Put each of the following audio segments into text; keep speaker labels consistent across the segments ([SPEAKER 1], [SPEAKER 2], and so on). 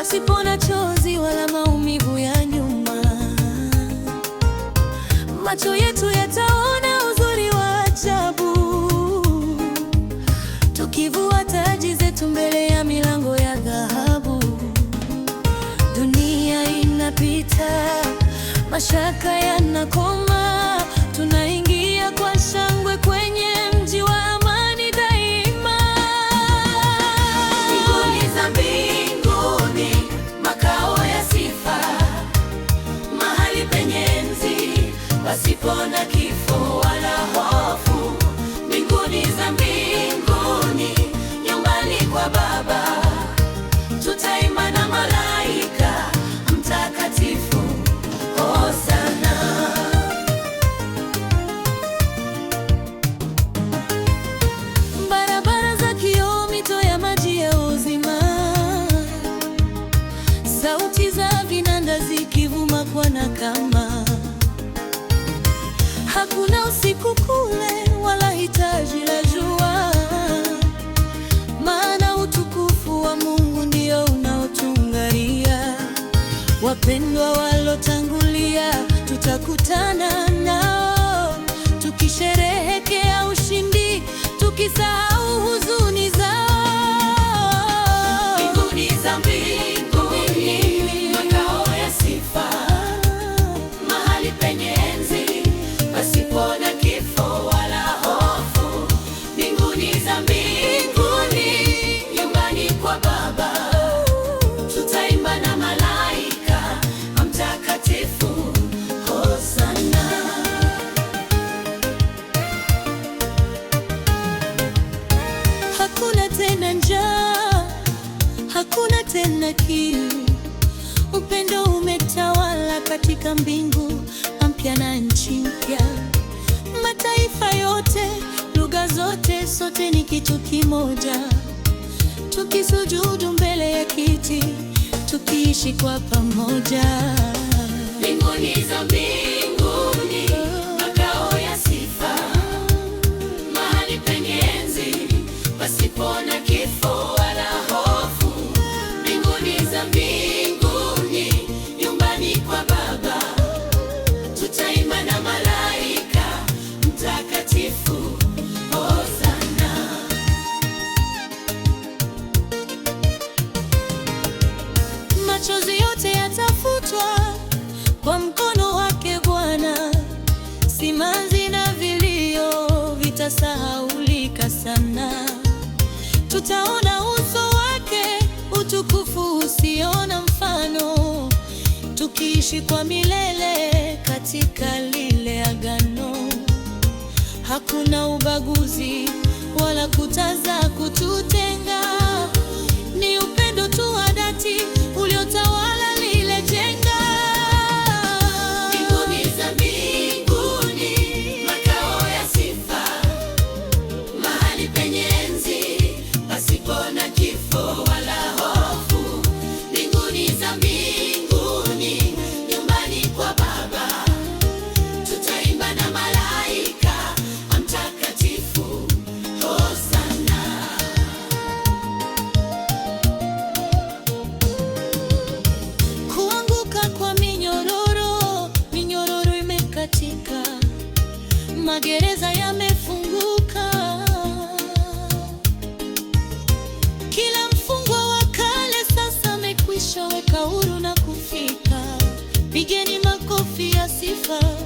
[SPEAKER 1] pasipo na chozi wala maumivu ya nyuma. Macho yetu yataona uzuri wa ajabu, tukivua taji zetu mbele ya milango ya dhahabu. Dunia inapita, mashaka yanakoma tena njaa, hakuna tena kiu. Upendo umetawala katika mbingu mpya na nchi mpya. Mataifa yote, lugha zote, sote ni kitu kimoja, tukisujudu mbele ya kiti, tukiishi kwa pamoja.
[SPEAKER 2] Mbinguni za mbingu
[SPEAKER 1] hutasahaulika sana, tutaona uso wake, utukufu usiona mfano, tukiishi kwa milele katika lile agano. Hakuna ubaguzi wala kutaza kututenga. magereza yamefunguka, kila mfungwa wa kale sasa amekwisha weka huru na kufika. Pigeni makofi ya sifa.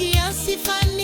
[SPEAKER 1] y así